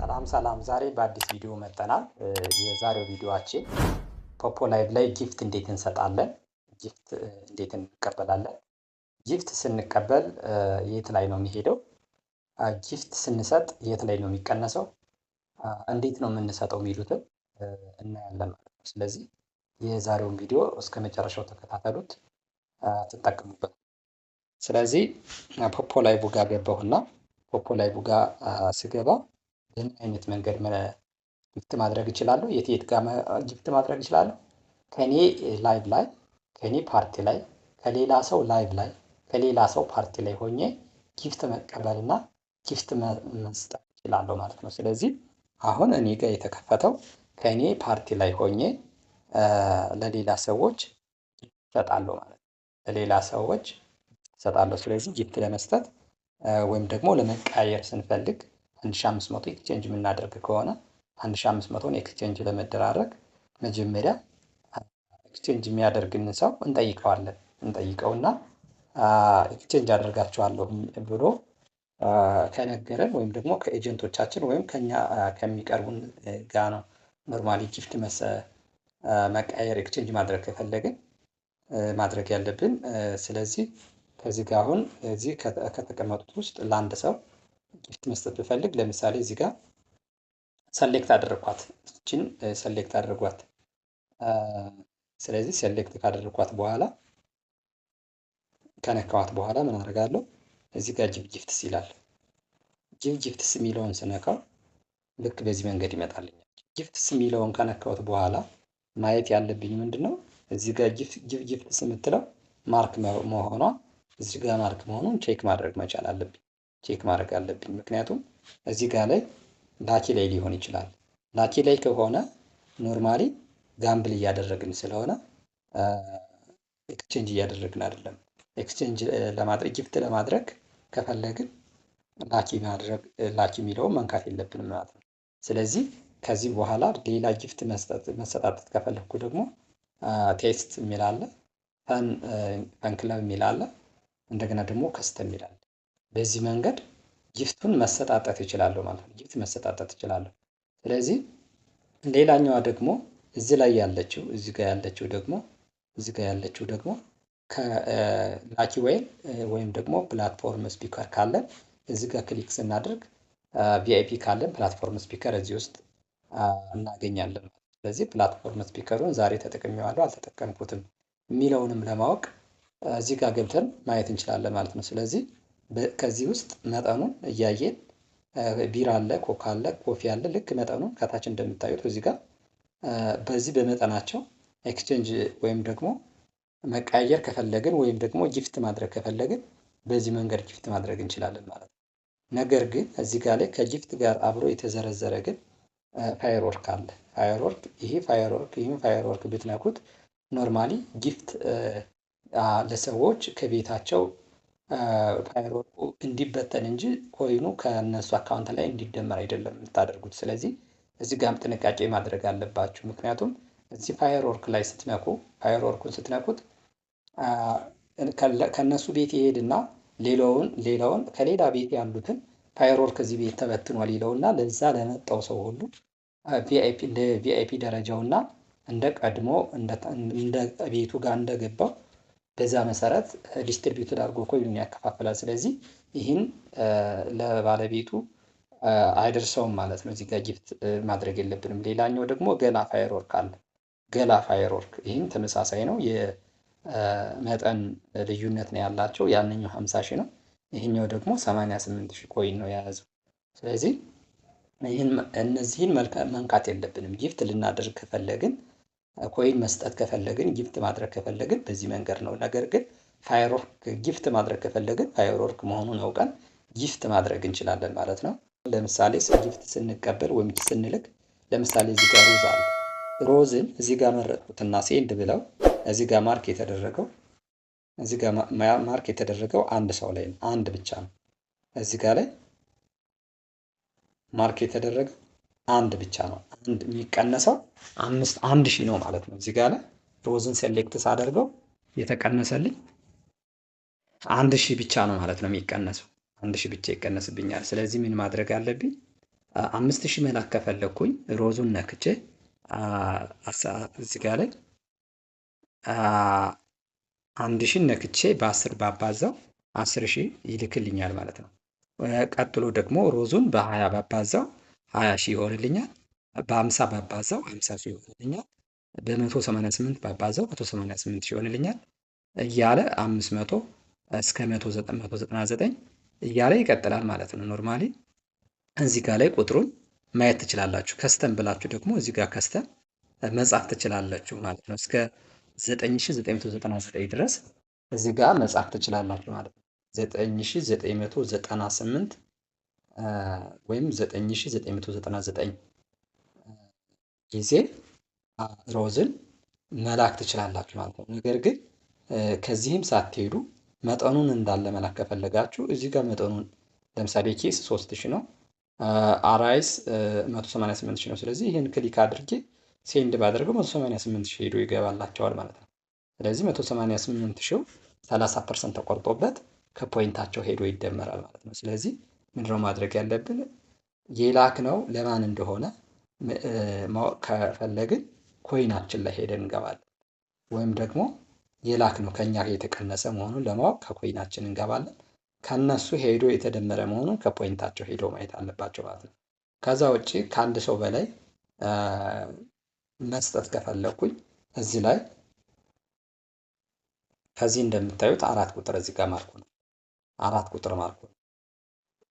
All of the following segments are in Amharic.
ሰላም ሰላም፣ ዛሬ በአዲስ ቪዲዮ መጠናል። የዛሬው ቪዲዮአችን ፖፖ ላይቭ ላይ ጊፍት እንዴት እንሰጣለን፣ ጊፍት እንዴት እንቀበላለን፣ ጊፍት ስንቀበል የት ላይ ነው የሚሄደው፣ ጊፍት ስንሰጥ የት ላይ ነው የሚቀነሰው፣ እንዴት ነው የምንሰጠው የሚሉትን እናያለን ማለት ነው። ስለዚህ የዛሬውን ቪዲዮ እስከ መጨረሻው ተከታተሉት፣ ትጠቀሙበት። ስለዚህ ፖፖ ላይቭ ጋር ገባሁና ፖፖ ላይቭ ጋር ስገባ በምን አይነት መንገድ ጊፍት ማድረግ ይችላሉ? የት የት ጋር ጊፍት ማድረግ ይችላሉ? ከኔ ላይቭ ላይ፣ ከኔ ፓርቲ ላይ፣ ከሌላ ሰው ላይቭ ላይ፣ ከሌላ ሰው ፓርቲ ላይ ሆኜ ጊፍት መቀበል እና ጊፍት መስጠት ይችላሉ ማለት ነው። ስለዚህ አሁን እኔ ጋር የተከፈተው ከእኔ ፓርቲ ላይ ሆኜ ለሌላ ሰዎች ይሰጣሉ ማለት ነው። ለሌላ ሰዎች ይሰጣሉ። ስለዚህ ጊፍት ለመስጠት ወይም ደግሞ ለመቀያየር ስንፈልግ 1500 ኤክስቼንጅ የምናደርግ ከሆነ 1500ን ኤክስቼንጅ ለመደራረግ መጀመሪያ ኤክስቼንጅ የሚያደርግን ሰው እንጠይቀዋለን። እንጠይቀውና ኤክስቼንጅ አደርጋቸዋለሁ ብሎ ከነገረን ወይም ደግሞ ከኤጀንቶቻችን ወይም ከኛ ከሚቀርቡን ጋ ነው ኖርማሊ ጊፍት መቀየር ኤክስቼንጅ ማድረግ ከፈለግን ማድረግ ያለብን። ስለዚህ ከዚህ ጋር አሁን እዚህ ከተቀመጡት ውስጥ ለአንድ ሰው ጊፍት መስጠት ብፈልግ ለምሳሌ እዚህ ጋር ሰሌክት አደረግኳት እችን ሰሌክት አድርጓት። ስለዚህ ሰሌክት ካደረግኳት በኋላ ከነካዋት በኋላ ምን አደርጋለሁ? እዚህ ጋር ጅብ ጊፍትስ ይላል። ጅብጅፍትስ ጊፍትስ የሚለውን ስነካው ልክ በዚህ መንገድ ይመጣልኛል። ጊፍትስ የሚለውን ከነካሁት በኋላ ማየት ያለብኝ ምንድን ነው? እዚህ ጋር ጂቭ ጊፍትስ የምትለው ማርክ መሆኗ እዚህ ጋር ማርክ መሆኑን ቼክ ማድረግ መቻል አለብኝ። ቼክ ማድረግ አለብኝ። ምክንያቱም እዚህ ጋር ላይ ላኪ ላይ ሊሆን ይችላል። ላኪ ላይ ከሆነ ኖርማሊ ጋምብል እያደረግን ስለሆነ ኤክስቼንጅ እያደረግን አይደለም። ኤክስቼንጅ ለማድረግ ጊፍት ለማድረግ ከፈለግን ላኪ ማድረግ ላኪ የሚለውን መንካት የለብንም ማለት ነው። ስለዚህ ከዚህ በኋላ ሌላ ጊፍት መሰጣጠት ከፈለግኩ ደግሞ ቴስት የሚላለ ፈን ክለብ የሚል አለ፣ እንደገና ደግሞ ከስተ የሚላለ በዚህ መንገድ ጊፍቱን መሰጣጠት ይችላሉ ማለት ነው። ጊፍት መሰጣጠት ይችላሉ። ስለዚህ ሌላኛዋ ደግሞ እዚህ ላይ ያለችው እዚህ ጋር ያለችው ደግሞ እዚህ ጋር ያለችው ደግሞ ከላኪ ወይም ወይም ደግሞ ፕላትፎርም ስፒከር ካለን እዚህ ጋር ክሊክ ስናደርግ ቪአይፒ ካለን ፕላትፎርም ስፒከር እዚህ ውስጥ እናገኛለን። ስለዚህ ፕላትፎርም ስፒከሩን ዛሬ ተጠቅሜዋለሁ አልተጠቀምኩትም የሚለውንም ለማወቅ እዚህ ጋር ገብተን ማየት እንችላለን ማለት ነው። ስለዚህ ከዚህ ውስጥ መጠኑን እያየን ቢራ አለ፣ ኮካ አለ፣ ኮፊ አለ። ልክ መጠኑን ከታች እንደምታዩት እዚህ ጋር በዚህ በመጠናቸው ኤክስቼንጅ ወይም ደግሞ መቀያየር ከፈለግን ወይም ደግሞ ጊፍት ማድረግ ከፈለግን በዚህ መንገድ ጊፍት ማድረግ እንችላለን ማለት ነው። ነገር ግን እዚህ ጋር ላይ ከጊፍት ጋር አብሮ የተዘረዘረ ግን ፋየርወርክ አለ። ፋየርወርክ ይሄ ፋየርወርክ ይህም ፋየርወርክ ብትነኩት ኖርማሊ ጊፍት ለሰዎች ከቤታቸው ፓይሮቱ እንዲበተን እንጂ ኮይኑ ከነሱ አካውንት ላይ እንዲደመር አይደለም የምታደርጉት። ስለዚህ እዚህ ጋም ጥንቃቄ ማድረግ አለባችሁ። ምክንያቱም እዚህ ፋየር ወርክ ላይ ስትነኩ ፋየር ወርኩን ስትነኩት ከነሱ ቤት ይሄድና ሌላውን ሌላውን ከሌላ ቤት ያሉትን ፋይርወርክ እዚህ ቤት ተበትኗል ይለውና ለዛ ለመጣው ሰው ሁሉ ቪአይፒ ደረጃውና እንደ ቀድሞ እንደ ቤቱ ጋር እንደገባው በዛ መሰረት ዲስትሪቢዩትድ አድርጎ ኮይኑን ያከፋፍላል። ስለዚህ ይህን ለባለቤቱ አይደርሰውም ማለት ነው። እዚጋ ጊፍት ማድረግ የለብንም። ሌላኛው ደግሞ ገላ ፋየር ወርክ አለ። ገላ ፋየር ወርክ ይህም ተመሳሳይ ነው። የመጠን ልዩነት ነው ያላቸው። ያንኛው ሀምሳ ሺህ ነው፣ ይህኛው ደግሞ 88 ሺህ ኮይን ነው የያዘው። ስለዚህ እነዚህን መንካት የለብንም ጊፍት ልናደርግ ከፈለግን ኮይን መስጠት ከፈለግን ጊፍት ማድረግ ከፈለግን በዚህ መንገድ ነው። ነገር ግን ፋየርወርክ ጊፍት ማድረግ ከፈለግን ፋየርወርክ መሆኑን አውቀን ጊፍት ማድረግ እንችላለን ማለት ነው። ለምሳሌ ጊፍት ስንቀበል ወይም ስንልክ ለምሳሌ እዚህ ጋር ሮዝ አለ። ሮዝን እዚህ ጋር መረጥኩትና ሴንድ ብለው እዚህ ጋር ማርክ የተደረገው እዚህ ጋር ማርክ የተደረገው አንድ ሰው ላይ ነው፣ አንድ ብቻ ነው። እዚህ ጋር ላይ ማርክ የተደረገው አንድ ብቻ ነው። አንድ የሚቀነሰው አምስት አንድ ሺህ ነው ማለት ነው። እዚህ ጋር ሮዝን ሴሌክት ሳደርገው የተቀነሰልኝ አንድ ሺህ ብቻ ነው ማለት ነው የሚቀነሰው። አንድ ሺህ ብቻ ይቀነስብኛል። ስለዚህ ምን ማድረግ አለብኝ? አምስት ሺህ መላክ ከፈለግኩኝ ሮዙን ነክቼ እዚህ ጋር ላይ አንድ ሺህ ነክቼ በአስር ባባዛው አስር ሺህ ይልክልኛል ማለት ነው። ቀጥሎ ደግሞ ሮዙን በሀያ ባባዛው ሀያ ሺህ ይሆንልኛል። በአምሳ ባባዛው ሀምሳ ሺህ ይሆንልኛል። በመቶ ሰማንያ ስምንት ባባዛው መቶ ሰማንያ ስምንት ሺህ ይሆንልኛል እያለ አምስት መቶ እስከ መቶ ዘጠና ዘጠኝ እያለ ይቀጥላል ማለት ነው። ኖርማሊ እዚህ ጋር ላይ ቁጥሩን ማየት ትችላላችሁ። ከስተም ብላችሁ ደግሞ እዚህ ጋር ከስተም መጻፍ ትችላላችሁ ማለት ነው። እስከ 9999 ድረስ እዚህ ጋር መጻፍ ትችላላችሁ ማለት ነው። 9998 ወይም 9999 ጊዜ ሮዝን መላክ ትችላላችሁ ማለት ነው። ነገር ግን ከዚህም ሳትሄዱ መጠኑን እንዳለ መላክ ከፈለጋችሁ እዚህ ጋር መጠኑን ለምሳሌ ኬስ 3000 ነው፣ አራይስ 188000 ነው። ስለዚህ ይህን ክሊክ አድርጌ ሴንድ ባደርገው 188000 ሄዶ ይገባላቸዋል ማለት ነው። ስለዚህ 188000 30 ፐርሰንት ተቆርጦበት ከፖይንታቸው ሄዶ ይደመራል ማለት ነው። ስለዚህ ምንድነው ማድረግ ያለብን? የላክ ነው ለማን እንደሆነ ማወቅ ከፈለግን ኮይናችን ላይ ሄደን እንገባለን። ወይም ደግሞ የላክ ነው ከኛ የተቀነሰ መሆኑን ለማወቅ ከኮይናችን እንገባለን። ከነሱ ሄዶ የተደመረ መሆኑን ከፖይንታቸው ሄዶ ማየት አለባቸው ማለት ነው። ከዛ ውጭ ከአንድ ሰው በላይ መስጠት ከፈለግኩኝ እዚህ ላይ ከዚህ እንደምታዩት አራት ቁጥር እዚህ ጋር ማርኩ ነው። አራት ቁጥር ማርኩ ነው።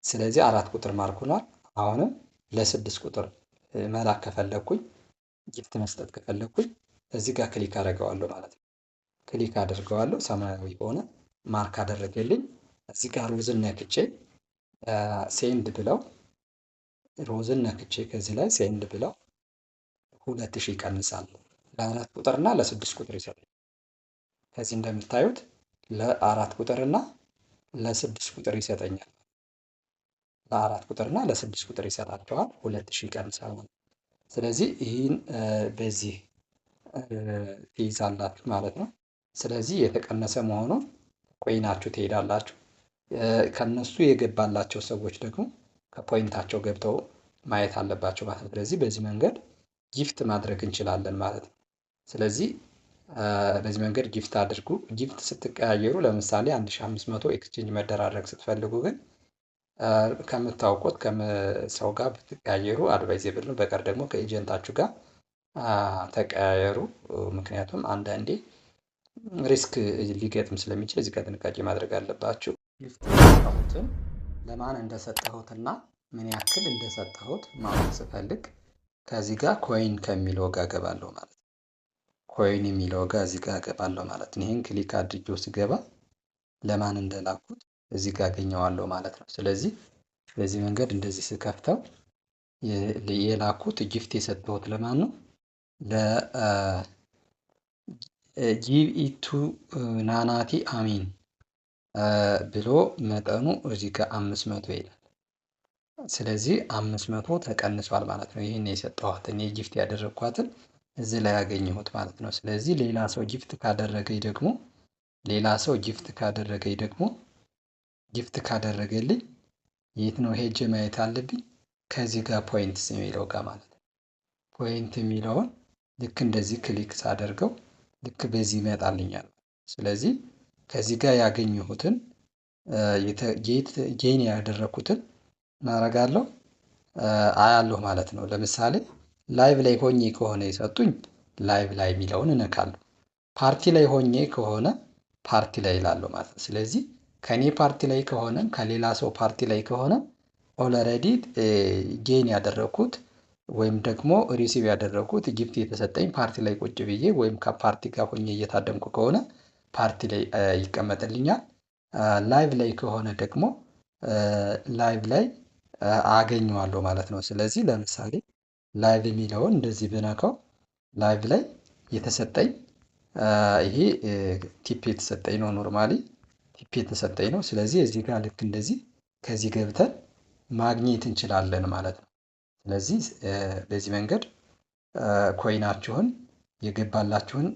ስለዚህ አራት ቁጥር ማርኩናል። አሁንም ለስድስት ቁጥር መላክ ከፈለግኩኝ ጊፍት መስጠት ከፈለግኩኝ እዚህ ጋር ክሊክ አደርገዋለሁ ማለት ነው። ክሊክ አደርገዋለሁ ሰማያዊ ሆነ ማርክ አደረገልኝ። እዚህ ጋር ሮዝን ነክቼ ሴንድ ብለው ሮዝን ነክቼ ከዚህ ላይ ሴንድ ብለው ሁለት ሺህ ይቀንሳል። ለአራት ቁጥርና ለስድስት ቁጥር ይሰጡኝ። ከዚህ እንደምታዩት ለአራት ቁጥርና ለስድስት ቁጥር ይሰጠኛል። ለአራት ቁጥር እና ለስድስት ቁጥር ይሰጣቸዋል። ሁለት ሺህ ሳይሆን ስለዚህ ይህን በዚህ ትይዛላችሁ ማለት ነው። ስለዚህ የተቀነሰ መሆኑን ኮይናችሁ ትሄዳላችሁ። ከነሱ የገባላቸው ሰዎች ደግሞ ከፖይንታቸው ገብተው ማየት አለባቸው ማለት ነው። ስለዚህ በዚህ መንገድ ጊፍት ማድረግ እንችላለን ማለት ነው። ስለዚህ በዚህ መንገድ ጊፍት አድርጉ። ጊፍት ስትቀያየሩ ለምሳሌ 1500 ኤክስቼንጅ መደራረግ ስትፈልጉ ግን ከምታውቁት ከሰው ጋር ብትቀያየሩ አድቫይዘብል ነው። በቀር ደግሞ ከኤጀንታችሁ ጋር ተቀያየሩ። ምክንያቱም አንዳንዴ ሪስክ ሊገጥም ስለሚችል እዚህ ጋር ጥንቃቄ ማድረግ አለባችሁ። ጊፍት ለማን እንደሰጠሁትና ምን ያክል እንደሰጠሁት ማወቅ ስፈልግ ከዚህ ጋር ኮይን ከሚለው ጋር እገባለሁ ማለት ነው። ኮይን የሚለው ጋር እዚህ ጋር እገባለሁ ማለት ነው። ይህን ክሊክ አድርጌው ስገባ ለማን እንደላኩት እዚህ ጋር አገኘዋለሁ ማለት ነው። ስለዚህ በዚህ መንገድ እንደዚህ ስከፍተው የላኩት ጊፍት የሰጠሁት ለማን ነው? ለጂቢቱ ናናቲ አሚን ብሎ መጠኑ እዚህ ጋር አምስት መቶ ይላል። ስለዚህ አምስት መቶ ተቀንሷል ማለት ነው። ይህን የሰጠኋትን የጊፍት ያደረግኳትን እዚህ ላይ ያገኘሁት ማለት ነው። ስለዚህ ሌላ ሰው ጊፍት ካደረገኝ ደግሞ ሌላ ሰው ጊፍት ካደረገኝ ደግሞ ጊፍት ካደረገልኝ የት ነው ሄጅ ማየት አለብኝ? ከዚህ ጋር ፖይንትስ የሚለው ጋር ማለት ነው። ፖይንት የሚለውን ልክ እንደዚህ ክሊክ ሳደርገው ልክ በዚህ ይመጣልኛል። ስለዚህ ከዚህ ጋር ያገኘሁትን ጌን ያደረኩትን እናደርጋለሁ አያለሁ ማለት ነው። ለምሳሌ ላይቭ ላይ ሆኜ ከሆነ የሰጡኝ ላይቭ ላይ የሚለውን እነካለሁ። ፓርቲ ላይ ሆኜ ከሆነ ፓርቲ ላይ ይላለሁ ማለት ነው። ስለዚህ ከእኔ ፓርቲ ላይ ከሆነ ከሌላ ሰው ፓርቲ ላይ ከሆነ ኦልሬዲ ጌን ያደረግኩት ወይም ደግሞ ሪሲቭ ያደረግኩት ጊፍት የተሰጠኝ ፓርቲ ላይ ቁጭ ብዬ ወይም ከፓርቲ ጋር ሆኜ እየታደምኩ ከሆነ ፓርቲ ላይ ይቀመጥልኛል። ላይቭ ላይ ከሆነ ደግሞ ላይቭ ላይ አገኘዋለሁ ማለት ነው። ስለዚህ ለምሳሌ ላይቭ የሚለውን እንደዚህ ብነካው ላይቭ ላይ የተሰጠኝ ይሄ ቲፕ የተሰጠኝ ነው ኖርማሊ ቲፒ የተሰጠኝ ነው። ስለዚህ እዚህ ጋር ልክ እንደዚህ ከዚህ ገብተን ማግኘት እንችላለን ማለት ነው። ስለዚህ በዚህ መንገድ ኮይናችሁን የገባላችሁን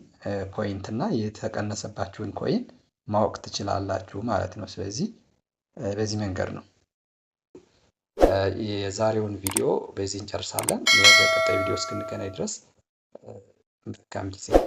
ፖይንት እና የተቀነሰባችሁን ኮይን ማወቅ ትችላላችሁ ማለት ነው። ስለዚህ በዚህ መንገድ ነው። የዛሬውን ቪዲዮ በዚህ እንጨርሳለን። በቀጣይ ቪዲዮ እስክንገናኝ ድረስ መልካም ጊዜ